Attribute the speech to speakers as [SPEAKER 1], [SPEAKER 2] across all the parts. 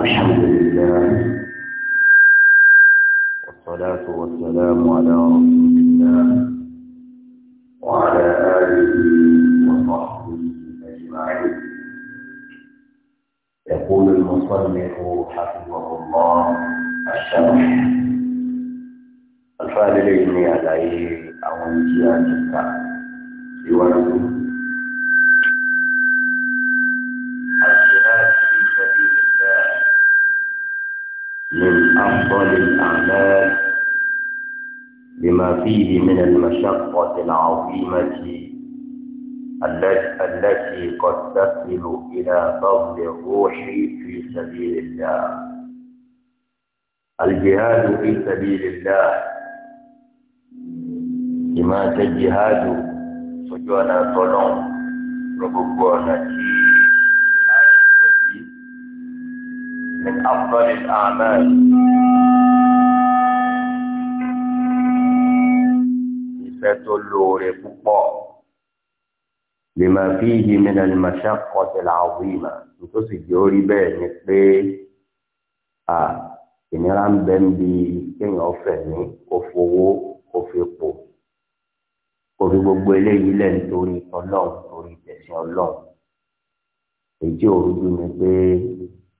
[SPEAKER 1] الحمد لله والصلاة والسلام على رسول الله وعلى آله وصحبه أجمعين يقول المصنف حفظه الله الشرح الفاعل يجني عليه أو انتهاء الكتاب سوى أفضل الأعمال لما فيه من المشقة العظيمة التي قد تصل إلى فضل الروح في سبيل الله الجهاد في سبيل الله كما تجهاد سجوانا طلون ربك من أفضل الأعمال ستلور فقاء لما فيه من المشقة العظيمة تسجوري بين الطيب آه ìnira ń bẹ ń bi kéèyàn fẹ́ ní kó fowó kó fi pò kó fi gbogbo eléyìí lẹ̀ nítorí ọlọ́run torí tẹ̀sán ọlọ́run èyí ò rújú ni pé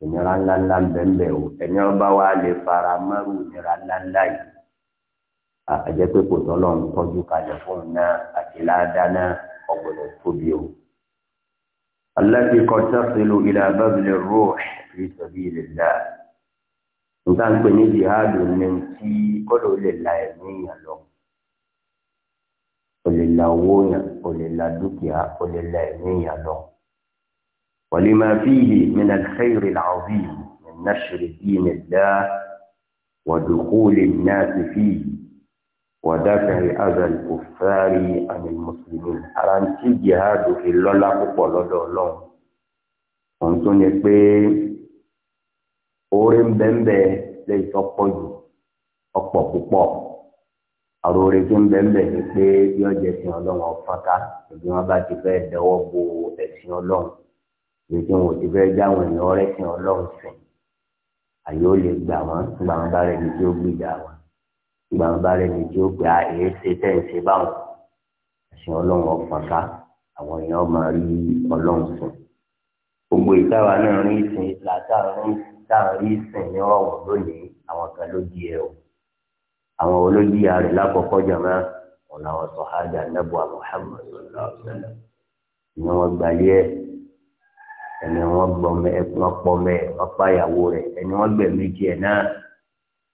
[SPEAKER 1] ìnira ńláńlá bẹ́ẹ̀ o ẹni ọba wa lè fara mọ́rù ìnira ńláńlá yìí àjẹ́ pé kò tọ́lọ́ ń tọ́jú kalẹ̀ fún náà àti ládàá ọ̀gbọ̀dọ̀ tóbi o. aláàbí kan tẹ́sílù ilẹ̀ abẹ́bílẹ̀ rúù fi sọ̀bí ilẹ̀ dá. nǹkan pè ní jihadu ní tí kọ́dọ̀ lè la ẹ̀mí yàn lọ. ó la owó yàn ó la dúkìá ó la ẹ̀mí yàn lọ. ولما فيه من الخير العظيم من نشر دين الله ودخول الناس فيه ودفع أذى الكفار عن المسلمين ara ń tí jihadu fi lọ́lá púpọ̀ lọ́dọ̀ ọlọ́run òun tó ní pé oore ń bẹ́ńbẹ́ lẹ́yìn tó pọ̀ jù ọ̀pọ̀ púpọ̀ àwọn oore tó ń bẹ́ńbẹ́ ni pé yọjẹ́ sin ọlọ́run ọ̀fọ́ká ìgbìmọ̀ bá ti fẹ́ dẹwọ́ bo ẹ̀sìn ọlọ́run ètò wọn ti fẹ́ jáwọn èèyàn ọ̀rẹ́sìn ọlọ́run sìn àyè ó lè gbà wọ́n nígbà wọn bá rẹni tí ó gbìjà wọn nígbà wọn bá rẹni tí ó gbà èé ṣe tẹ̀sí báwọn àṣẹ ọlọ́run ọ̀fọ̀n ká àwọn èèyàn máa rí ọlọ́run sìn gbogbo ìtawà náà rí sìn látàrí rí sìn ní ọ̀wọ̀n lónìí àwọn kan ló di ẹ̀ o àwọn olóyìí ààrẹ lákòókò jàmá ọ̀làwọ̀sọ̀ hajj anabu Muhammad sallallahu alaihi wasallam ni wọ́n gbalẹ́ ẹni wọn gbọmọ ẹ wọn pọmọ ẹ wọn pàyàwó rẹ ẹni wọn gbẹmí jẹ náà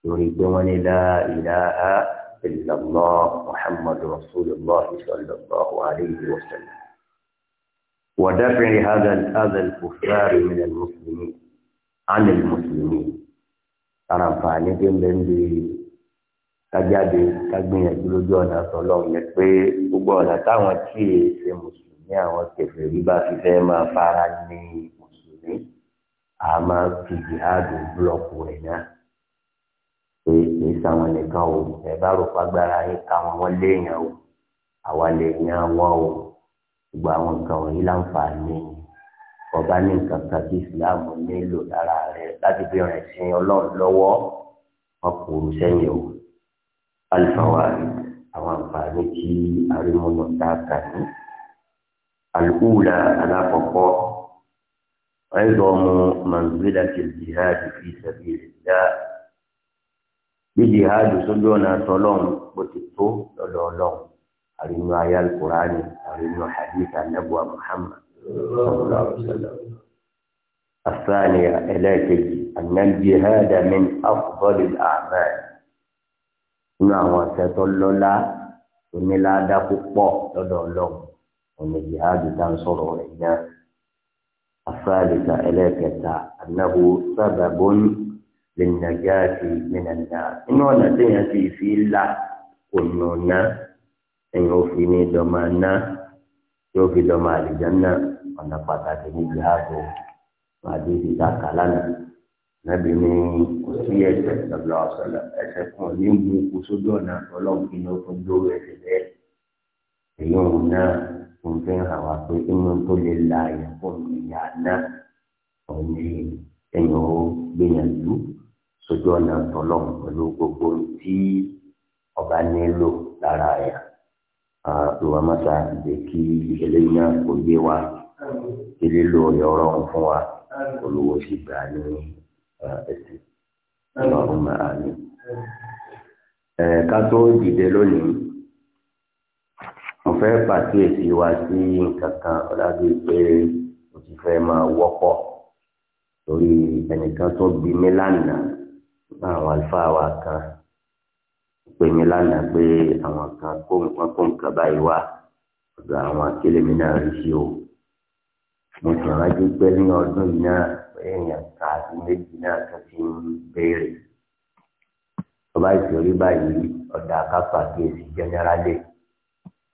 [SPEAKER 1] lórí pé wọn ní la ilaha illallah muhammadu rasulillah sallallahu alayhi wa sallam. ودفع هذا الأذى الكفار من المسلمين عن المسلمين ara nfaani tí ń bẹ ń bi kájáde kágbìyànjú lójú ọ̀nà sọlọ́ọ̀ yẹn pé ní àwọn kèfèrí bá fi fẹ́ máa fara ní mùsùlùmí a máa fi jihadu búlọ̀kù rẹ̀ náà pé kì í sàwọn nìkan o ẹ bá rò pàgbára yín káwọn wọn léèyàn o àwa lè yan wọn o gbogbo àwọn nǹkan wọ̀nyí láǹfààní ọba ní nǹkan kan tí Islam nílò lára rẹ̀ láti fi rìn sin Ọlọ́run lọ́wọ́ wọn kò rú sẹ́yìn o alifawa àwọn àǹfààní tí arímúnú tá kà ní. الأولى على فقاء عظم منزلة الجهاد في سبيل الله بجهاد سجون صلوم بتتو لولوم أرنو آية القرآن أرنو حديث النبوة محمد صلى الله عليه وسلم الثانية إليك أن الجهاد من أفضل الأعمال إنه ستلولا ونلا دقوا لولوم ọ̀nà jihad tá ń sọ̀rọ̀ rẹ̀ náà afáàlìkà ẹlẹ́kẹta anáwó sábàbọ́n lè nàjà sí mìnàjà inú ọ̀nà téèyàn sì fi là ònà náà ẹ̀yìn òfin ní dọ́mà náà yóò fi dọ́mà àlìjánnà ọ̀nà pàtàkì ní jihad o wàdí kàlánà nàbí ní kò sí ẹsẹ̀ lọ́lọ́ ọ̀sọ̀lá kan ní mú sódò ọ̀nà ọlọ́run kí ni ó tún dóró ẹsẹ̀ bẹ́ẹ̀ èyí òun náà ń fẹ́ hàn wá pé inú tó lè la ìyàpọ̀ ìyá náà òun ni ẹ̀yìn ó gbìyànjú sójú ọ̀nà tọ́lọ̀ pẹ̀lú gbogbo tí ọba nílò lára ẹ̀ ìwà mọ́ta jẹ́ kí eléyìí náà kò yé wa kí lílo ọ̀yọ́rọ̀ fún wa olówó sì gbà ní ẹ̀sìn ọlọ́run máa ní. ká tó dìde lónìí fẹ́ pàkíyèsí wa sí nǹkan kan ọ̀làdú pé o ti fẹ́ máa wọ́pọ̀ torí ẹnìkan tó bí mi lánàá àwọn àlùfáà wa kan pè mí lánàá pé àwọn kan kó nǹkan kó nǹkan báyìí wá ọ̀dọ̀ àwọn akélémi náà rí sí o mo sì rántí pé ní ọdún yìí náà èèyàn ká àti méjì náà tó ti ń béèrè ọba ìṣòrí báyìí ọ̀dà akápàkíyèsí jẹ́nẹ́rálẹ̀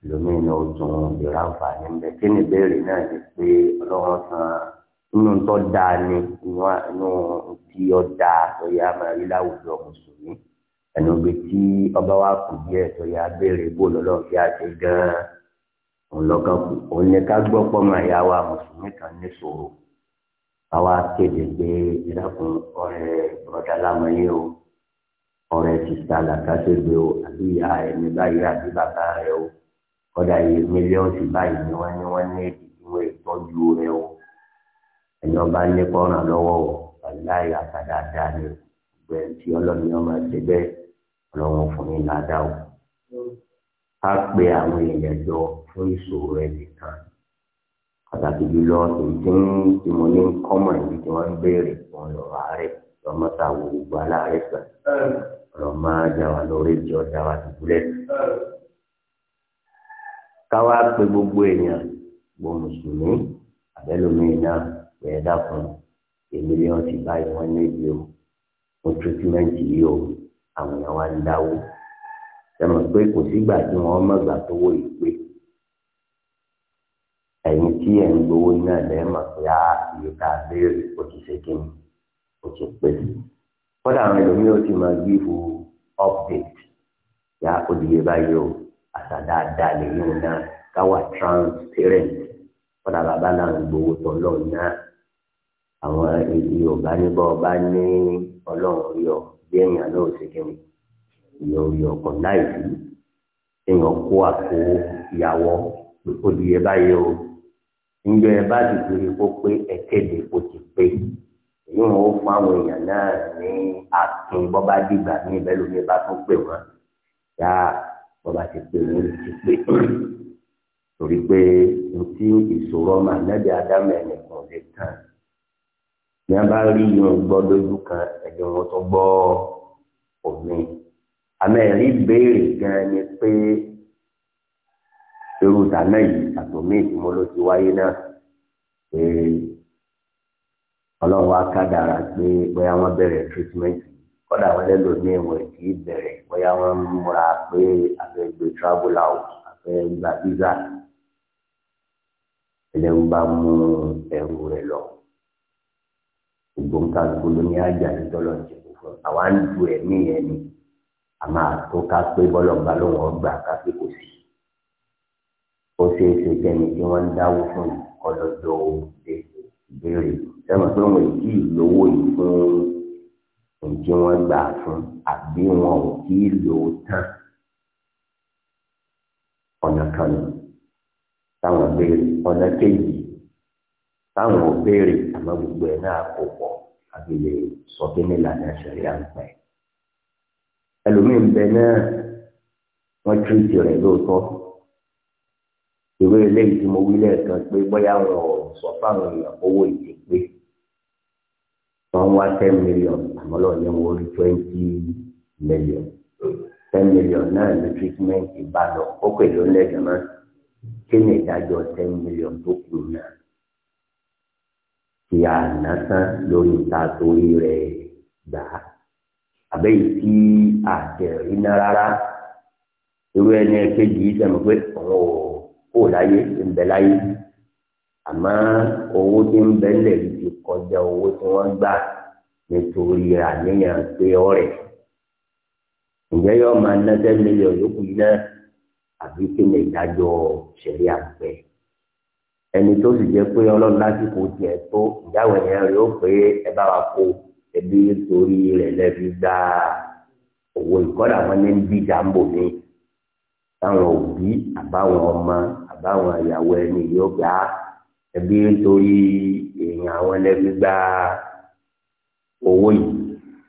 [SPEAKER 1] lómi ní o tún ìrà àǹfààní ńbẹ kí ni ìbéèrè náà ni pé ọlọ́wọ́n san inú tó dáa ni inú tí ó dáa tó yá máa rí láwùjọ mùsùlùmí ẹnu ibi tí ọba wa kù díẹ̀ tó yá béèrè bó lọ́lọ́run fi àṣẹ gan-an òun lọ́gán kù òun ni ká gbọ́ pọ́nmọ́ àyà wa mùsùlùmí kan ní ṣòro àwa kéde pé ìdákun ọ̀rẹ́ bọ̀dá lámọ́yé o ọ̀rẹ́ sísá làkàṣègbè o àbí ìyá ẹni báyìí àbí bàbá rẹ o kọ́dà yìí mílíọ̀nù báyìí ni wọ́n ní wọ́n ní èdè ìwé ìtọ́jú rẹ o ẹ̀yin ọba ní kọ́ràn lọ́wọ́ o aláì àtàdáadá ni ìgbẹ́ tí ọlọ́ni ọmọ ẹ̀ṣẹ̀ bẹ́ẹ̀ ọlọ́run fún mi ládàá o. a pe àwọn èèyàn jọ fún ìṣòro rẹ nìkan pàtàkì jùlọ èyí tí mo ní kọ́mọ̀ èyí tí wọ́n ń béèrè fún ọ̀rọ̀ ààrẹ lọ́mọ́ta wo gbogbo aláàrẹ sàn ọ̀rọ̀ máa jà wà lórí ìjọ káwá pé gbogbo èèyàn gbọ́ mùsùlùmí àbẹ́lómìn náà bẹ̀rẹ̀ dákun èmi lé wọn ti báyìí wọn níbi o mo tírítímẹ́ǹtì yìí o àwọn èèyàn wa ń dáwó sẹ́mi pé kò sígbà tí wọ́n mọ̀gbà tó wó yìí pé ẹ̀yin tí ẹ̀ ń gbowó iná lẹ́yìn mọ̀ pé á iye ká béèrè ó ti ṣe kí ni ó ti pé kódà àwọn ẹlòmíràn ti máa gbé fún update yá ó di iye báyìí o àṣà dáadáa lèyí ò náà transparent kọ́dà bàbá náà ń gbowó tó lọ́ọ̀ náà àwọn yorùbá níbọ̀ bá ní ọlọ́run yọ bí èèyàn náà ṣe kí ni yọ̀ọ̀yọ̀ kọ̀ láì sí èèyàn kó àpò ìyàwó ó di ẹ báyìí o ǹjẹ́ ẹ bá dìbò ikú pé ẹ̀kẹ́dẹ̀ kò ti pé èyí wọn ó fún àwọn èèyàn náà ní akin bọ́bá dìgbà ní ìbẹ́lómi bá tún pè wọ́n yá tọ́ba ti pé owó lè ti pé torí pé ntí ìṣòro ọmọ ànábì ádámù ẹnìkan lè tàn ní a bá rí yín gbọ́ lójú kan ẹ̀jẹ̀ wọn tó gbọ́ òní àmọ́ ẹ̀rí béèrè gan ni pé irú dáná yìí àtòmí ìtumọ̀ ló ti wáyé náà pé ọlọ́run wá kádàrá pé bóyá wọ́n bẹ̀rẹ̀ treatment kọ́dà àwọn ẹlẹ́lòmíì wọ̀ kì í bẹ̀rẹ̀ bóyá wọ́n ń múra pé afẹ́ travel out afẹ́ gba visa ẹ̀jẹ̀ ń bá mú ẹrù rẹ̀ lọ gbogbo nǹkan gbogbo ní ajá ní tọ́lọ̀ ń ṣẹ̀kú fún àwa ń du ẹ̀mí yẹn ni a máa tó ká pé bọ́lọ̀gbà lòun ọgbà ká pé kò sí ó ṣeé ṣe kẹ́ni tí wọ́n ń dáwó fún ọlọ́dọ̀ ìbéèrè sẹ́wọ̀n pé wọ́n ì ǹjẹ́ wọ́n gbà fún àbí wọn ò kí lò ó tán ọ̀nà kan táwọn béèrè ọ̀nà kejì táwọn ò béèrè àmọ́ gbogbo ẹ̀ náà kò pọ̀ àbí lè sọ pé à ń pẹ́ ẹlòmíín bẹ náà wọ́n tírìtì rẹ̀ lóòótọ́ ìwé eléyìí tí mo wí lẹ́ẹ̀kan pé bóyá wọn ò sọ fáwọn èèyàn owó ìdí pé wọ́n wá ten million àmọ́ lọ́ọ̀ ní wọ́n rí twenty million ten million náà ní treatment bá lọ ó pè ló ń lẹ́jọ́ náà kí ni ìdájọ́ ten million tó kù náà ti àná tán lórí ìta torí rẹ̀ gbà á àbẹ́yìí tí àtẹ̀rí náà rárá irú ẹni kejì sẹ́mi pé òun ò láyé ń bẹ láyé àmọ́ owó tí ń bẹ́lẹ̀ ti kọjá owó tí wọ́n gbà nítorí àníyàn pé ọ̀rẹ́ ǹjẹ́ yóò máa ná ten million yòókù yìí náà àbí kí ni ìdájọ́ ṣẹ̀rí àgbẹ̀ ẹni tó sì jẹ́ pé ọlọ́run lásìkò tiẹ̀ tó ìyáwó ẹ̀yàn rẹ̀ ó pé ẹ bá wa kó ẹbí torí rẹ̀ lẹ́bi gba owó ìkọ́dà wọn ní bí jàǹbò mi táwọn òbí àbáwọn ọmọ àbáwọn ìyàwó ẹni yóò gbà á ẹbí nítorí èèyàn àwọn ẹlẹ́bí gba owó yìí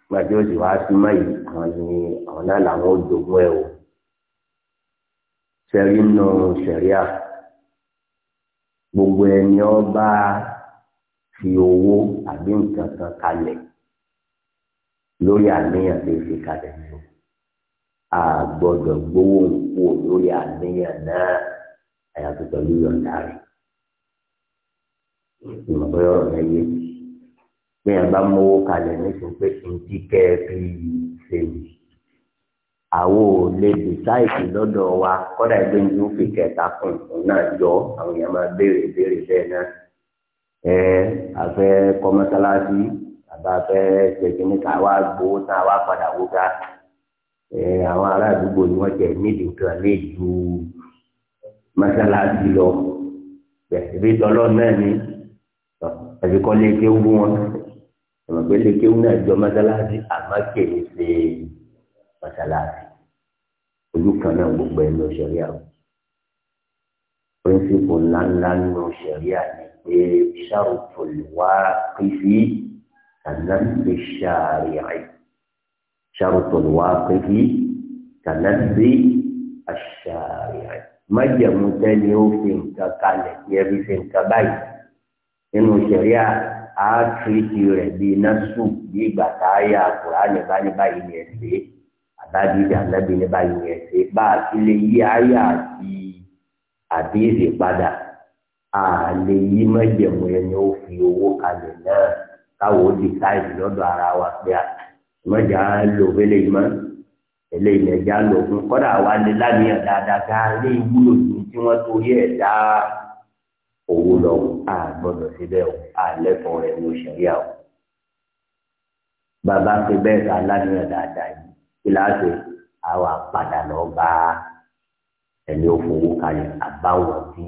[SPEAKER 1] gbàdé òsì wá sí mọ́ yìí àwọn ni àwọn náà làwọn ò jogún ẹ̀ o sẹ́rí nù sẹ̀ríà gbogbo ẹni ọba fi owó àbí nǹkan kan kalẹ̀ lórí àníyàn tó fi kalẹ̀ ní o a gbọ́dọ̀ gbowó nkú lórí àníyàn náà àyàfi pẹ̀lú yọ̀ǹda rẹ̀ ìmọ̀bọ́yọ̀ rẹ̀ yé pé yẹn bá mówó kalẹ̀ nísìnyí pé ntí kẹ́ ẹ fi ṣe mí àwo lè dìsáìtì lọ́dọ̀ wa kọ́dà ẹgbẹ́ ní fi kẹta kùn òun náà yọ àwọn èèyàn máa béèrè béèrè bẹ́ẹ̀ náà ẹ afẹ́ kọ́mọ́sálásí àbá afẹ́ ṣèkínní ká wá gbowó tá a wá padà wó ká ẹ àwọn ará àdúgbò ni wọ́n jẹ́ nídìí nǹkan lè ju mọ́sálásí lọ bẹ̀rẹ̀ bí tọ́lọ́ náà ni àti kọ́ léke ń bú wọn ẹ̀mọ̀ pé léke ń náà jọ mọ́sálásí àmọ́ kèé ṣe mọ́sálásí ojú kan náà gbogbo ẹ̀ lọ sẹ̀ríà o píríncípù ńláńlá nínú sẹ̀ríà ni pé ṣàrùtòlùwà pèsè kànáńtì ṣàríà ṣàrùtòlùwà pèsè kànáńtì ṣàríà májẹ̀mú tẹ́ni ó fi nǹkan kalẹ̀ kí fi fi nǹkan báyìí nínú sẹ̀ríà á tìrìtì rẹ̀ bíi násù bí ìgbà tá a yà kúrá ní báyìí báyìí ní ẹ̀sẹ̀ àbájídé ànábì ní báyìí ní ẹ̀sẹ̀ bá a ti lè yí àyà àti àdéhìí padà a lè yí mẹ́jẹ̀mú ẹni ó fi owó kalẹ̀ náà káwọ́ ó di káyìí lọ́dọ̀ ara wa pé a mọ̀jà lò wẹ́lẹ̀ yìí mọ́ eléyìí lẹ́jà lò fún kọ́dà wa lè lámìyàn dáadáa ká lè wúlò ní tí wọ́n torí ẹ̀ dáa owó lọ a gbọ́dọ̀ síbẹ̀ o a lẹ́tọ̀ọ́ rẹ̀ ní òṣèré àwọn. bàbá fi bẹ́ẹ̀ ta aláníyàn dáadáa yìí kíláàsì àwa padà lọ bá ẹni òfowó kalẹ̀ àbáwọ̀ tí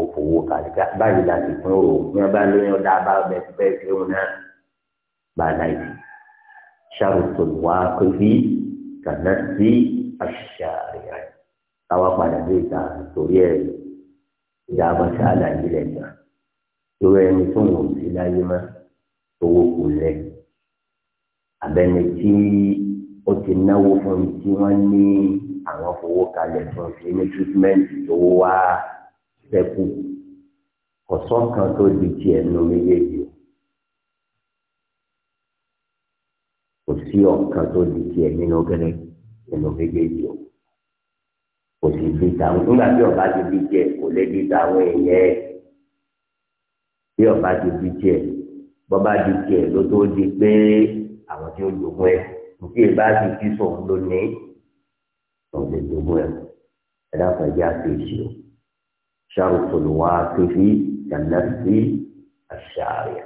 [SPEAKER 1] òfowó kalẹ̀ báyìí la ti pín o ní ọba lóyún ọ̀dà bá bẹ́ẹ̀ ti bẹ́ẹ̀ kéwọn náà bá a láì sí. ṣàròtò wá pé bí kàná sí àṣìṣe àríyá táwa padà dé ìta torí ẹ̀rọ ìyá abáṣá àlàyé rẹ̀ gbà irú ẹni tó ń wò sí láyé má owó kò lẹ abẹni tí ó ti náwó fún mi tí wọ́n ní àwọn fowó kalẹ̀ fún mi ní tírítímẹ́ǹtì tó wá sẹ́kù ọ̀sán kan tó di tiẹ̀ nínú méjèèjì o. kò sí ọ̀kan tó di tiẹ̀ nínú gẹ́gẹ́ nínú méjèèjì o kò sì fi tàwọn nígbà tí ọba ti fi jẹ kò lè di tàwọn èèyàn ẹ ọba ti fi jẹ bọba di jẹ ló tó di pé àwọn tí ó jogún ẹ òkè bá ti fi sòun lónìí òun lè jogún ẹ ẹ dákun ẹ jẹ àfẹsí o ṣàrùtò ló wá kéfì jàǹdàfẹ àṣàrẹ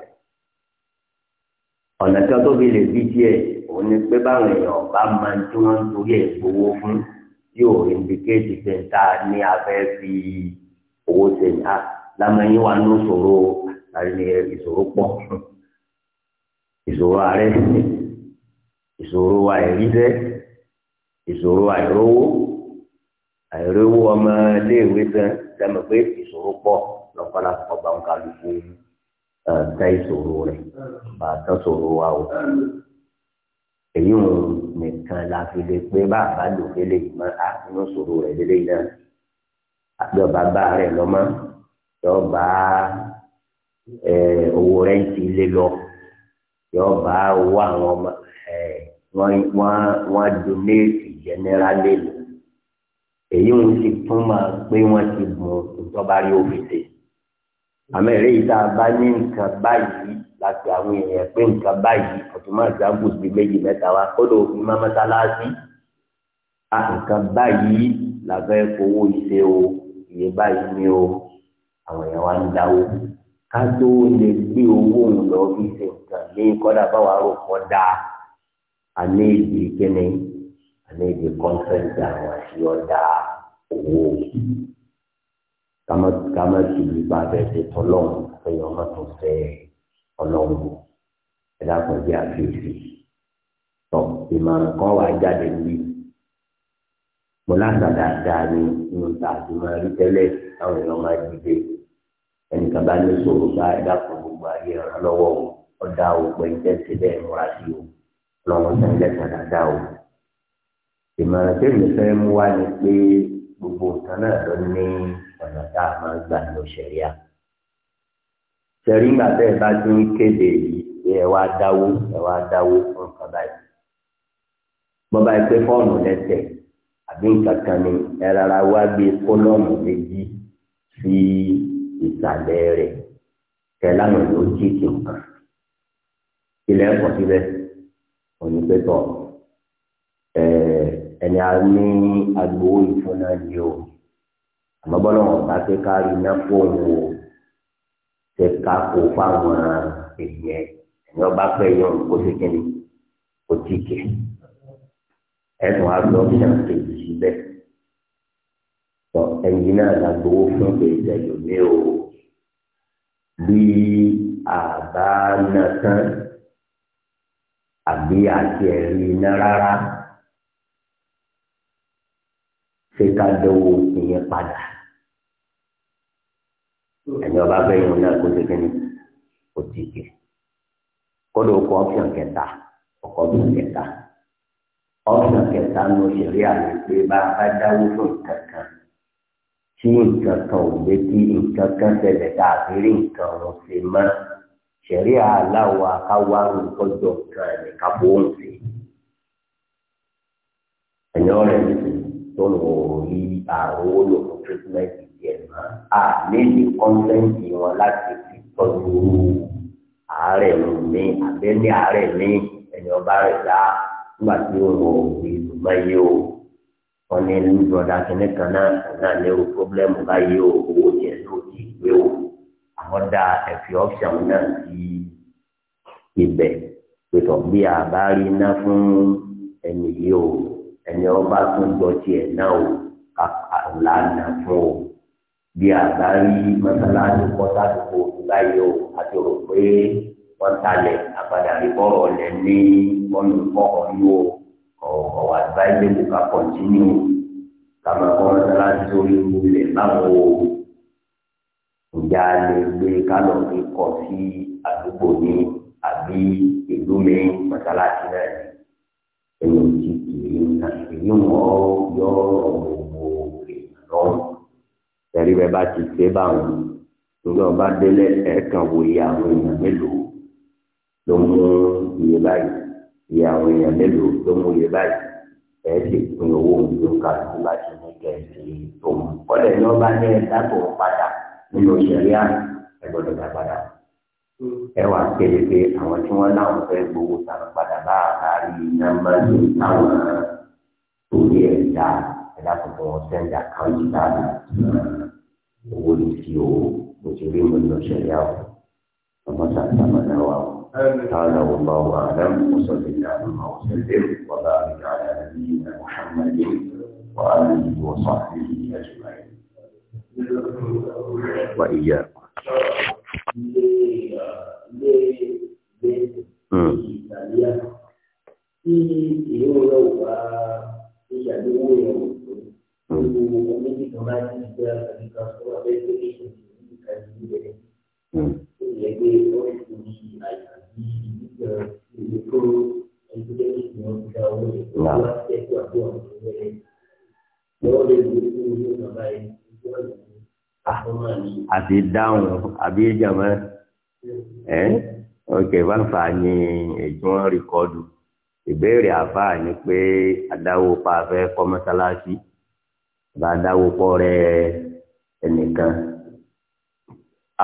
[SPEAKER 1] ọ̀nà kan tó fi lè fi jẹ òun ni pé báwọn èèyàn ọba máa ń tí wọ́n ń torí ẹ̀ gbowó fún yóò indikéètì pé tá a ní abẹ́ fi owó ṣe ní a ah, lámẹ́yìn wa ní ìṣòro àti ìṣòro pọ̀ ìṣòro ààrẹ ìṣòro àìríṣẹ́ ìṣòro àìrówó àìrówó ọmọ iléèwé sàn lẹ́nu pé ìṣòro pọ̀ lọ́pọ̀lọpọ̀ bá ń kálukú ẹ̀ tẹ́ ìṣòro rẹ̀ bàtà ìṣòro wa o èyí ò nìkan la fi lè pé bàbá lò fẹlẹ ìmọ àfinú sòrò rẹ lélẹ yìí náà àbíọba bá rẹ lọmọ yọọ bá owó rẹǹtì lé lọ yọọ bá owó àwọn ọmọ wọn wọn donate generally èyí ò sì tún máa pé wọn ti mú ìtọ́ba rí òfìsè àmọ́ èrè yìí tá a bá ní nǹkan báyìí láti àwọn èèyàn pé nǹkan báyìí ọ̀túnmá ìjágbó sí méjì mẹ́ta wa kódò òfin má mọ́sálásí a nǹkan báyìí làbẹ́ fowó ṣe o iye báyìí ni o àwọn èèyàn wa ń dáwó ká tó lè gbé owó òun lọ fi ṣe nǹkan ní kọ́dà báwa rò kọ́ dáa àní ìdí kíni àní ìdí kọ́ńtẹ́ǹtì àwọn àti ọ̀dà owó kàmá kàmá tìlú bá bẹ̀ẹ́ ṣe tọ́lọ́run àfẹ́yọ́ mọ́tò fẹ́ẹ́ ọlọ́run ẹ̀dá kan jẹ́ àfihàn tọ́ ìmọ̀ràn kan wà jáde níbí mo láta dáadáa ní inú ta àti máa rí tẹ́lẹ̀ táwọn èèyàn máa dìde ẹnìkan bá ní sọ̀rọ̀ bá ẹ̀dá kan gbogbo ayé ràn lọ́wọ́ o ọ̀dà o pẹ̀lú tẹ́sí bẹ́ẹ̀ múra sí o lọ́wọ́ sẹ́yìn lẹ́sàn dáadáa o ìmọ̀ràn tẹ́lẹ̀ fẹ́ mú wá ni pé gbogbo nǹkan náà lọ ní ọ̀nà tá a máa gbà lọ ṣẹ̀ríà sẹ̀rí ńgbà bẹ́ẹ̀ bá ti ń kéde yìí ẹ wá dáwó ẹ wá dáwó fún nǹkan báyìí bọ́ba yìí pé fọ́ọ̀nù lẹ́sẹ̀ àbí nǹkan kan ni ẹ rárá wá gbé kólọ́ọ̀mù méjì sí ìsàlẹ̀ rẹ̀ kẹ láwọn èlò jíjìn kan ilẹ̀ ẹ̀kọ́ síbẹ̀ òní pé tọ̀ ẹni a ní agbowó ìfúnná yìí o àmọ́ bọ́lá wọn bá pé ká rí iná fóun o ṣe ká kó fáwọn èèyàn ẹni ọba pẹ yọ kó ṣe kí ni kó tí kì ẹnu aṣọ ṣàn kejì síbẹ̀ tọ ẹyin náà la gbowó fún kejì ẹlòmíì o bí àbá náà tán àbí àti ẹ̀rí iná rárá ṣe ká dẹwọ ìyẹn padà ẹni ọba bẹyìn náà kó tẹkẹ ní kó tẹkẹ kódò kọ ọpṣọn kẹta ọkọ ọpṣọn kẹta ọpṣọn kẹta ní òṣèré àmì pé bá bá dáwó fún nǹkan kan tí nǹkan kan ò gbé kí nǹkan kan ṣẹlẹ̀ tá rí nǹkan ọ̀hún ṣe mọ́ ṣẹ̀rí aláwọ̀ akáwá nǹkan jọ nǹkan ẹ̀ ká ń ṣe ẹ̀yàn rẹ̀ nítorí tó ń wò ó rí àrùn olùkọ́ tírítímẹ́ǹtì tiẹ̀ mọ́ àlè ní kọ́ńtẹ́ǹtì wọn láti fi tọ́jú àárẹ̀ mi àbẹ́lẹ̀ àárẹ̀ mi ẹni ọba rẹ̀ dá nígbà tí ó wọ ìlú báyìí o wọn ní ní kínní kan náà náà ní irú pọ́blẹ́mù báyìí o owó tiẹ̀ ló ti gbé o àwọn dá ẹ̀fì ọ́pṣọ̀n náà sí ibẹ̀ pẹ̀tọ̀ bí àbá rí iná fún ẹni yìí o ẹni ọba tún gbọ́ tiẹ̀ náà o kàkà lánàá fún o bí àgbáyé mọ́sálásí kọ́sádùkú báyìí o àti rò pé wọ́n talẹ̀ àpàdà àríkọ́rọ̀ lẹ̀ ní ọ̀nà kọ́kọ́ ní o ọ̀wọ́ àgbáyé lè ká kọ̀ntínú kàmá kọ́ mọ́sálásí sórí ilẹ̀ báwo ìjà lè gbé kálọ̀ fi kọ̀ sí àdúgbò ní àbí ìlú mi mọ́sálásí náà ni èyí ti kì í nà wọ́n yọ ọ̀rọ̀ gbogbo rẹ̀ lọ́rùn ẹ̀rí rẹ̀ bá ti ṣe báwọn torí ọba délé ẹ̀ẹ̀kan wo iye àwọn èèyàn mélòó ló mú iye báyìí iye àwọn èèyàn mélòó ló mú iye báyìí ẹ̀ sì pín owó ìlú kàdúrà láti ní kẹ̀sì tòun kọ́lẹ̀ ní ọba ní ẹ̀dá tó ń padà nínú ìṣẹ̀lẹ̀ ẹ̀gbọ́dọ̀ dá padà ẹ wà kéde pé àwọn tí wọ́n láwọn fẹ́ gbowó tàn padà bá àárín nọ́mbà tó táwọn torí ẹ̀dá lákòókò wọn sẹ́ńdà kan yìí báyìí owó lè fi o mo ti rí mo lọ ṣẹlẹ̀ o ọmọ sàtà mọ náà wà o تعالى والله أعلم وصلى اللهم وسلم وبارك على نبينا محمد وآله وصحبه أجمعين وإياكم Mm àti dáhùn àbí ìjàmbá ẹ ọkẹ bá ń fà ní ètò wọn rìkọọdù ìbéèrè àfáà ni pé adáwó pa afẹ kọ mọ́sálásí bá dáwó pọ̀ rẹ ẹnìkan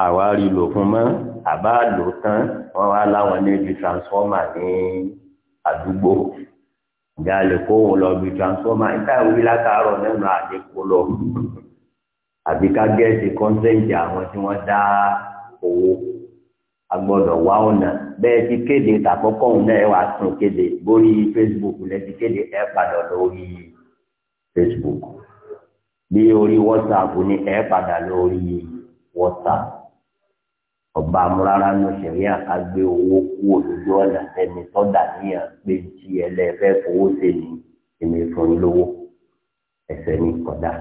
[SPEAKER 1] àwa rí lò fún mọ́ àbá lò tán wọ́n wá láwọn níbi transformer ní àdúgbò ìjà lè kó wọn lọ bí transformer níta ìwé látàárọ̀ mẹ́rin àdékò lọ àbí ká gẹ́ẹ̀sì kọ́ńtẹ́ǹtì àwọn tí wọ́n dá owó agbọ́dọ̀ wá ọ̀nà bẹ́ẹ̀ ti kéde tàkọ́kọ́ òun náà ẹ wàá tún kéde bórí Facebook lẹ ti kéde ẹ padà lórí Facebook bí orí whatsapp ní ẹ padà lórí whatsapp ọba amúrárá ní òṣèré àkágbé owó kú òdodo ọ̀nà ẹni tọ́dà níyà pé tí ẹlẹ́fẹ́ fowó ṣe ní èmi fún un lówó ẹsẹ̀ ní kọ̀dá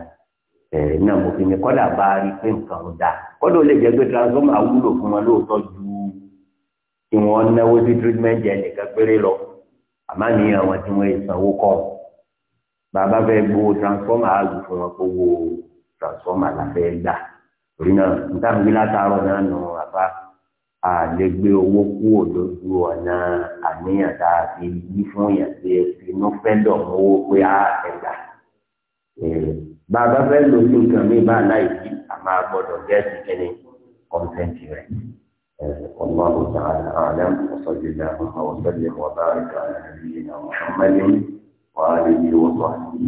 [SPEAKER 1] ẹ̀ náà mo fi ní kọ́dà bá rí pé nǹkan ń dà kọ́dà ó lè jẹ́ pé transformer wúlò fún wọn lóòótọ́ ju tí wọ́n náwó sí treatment jẹ́ nìkan péré lọ àmọ́ nìyẹn àwọn tí wọ́n sanwó kọ́ ọ́ bàbá fẹ́ gbowó transformer àlù fún wọn kó wo transformer la fẹ́ gbà torí náà níta mi látàárọ̀ náà nù àbá àlégbé owó kúrò lójú ọ̀nà àníyàn tá a fi yí fún yàn pé inú fẹ́ dọ̀ mọ́ owó pé á ẹ̀gbà bàbá fẹ́ lò sí nǹkan mi bá láì sí àmọ́ a gbọ́dọ̀ gẹ́ẹ̀sì kẹ́ni kọ́ńtẹ́ǹtì rẹ̀. والله تعالى أعلم وصلى الله وسلم وبارك على نبينا محمد Wa alama wacu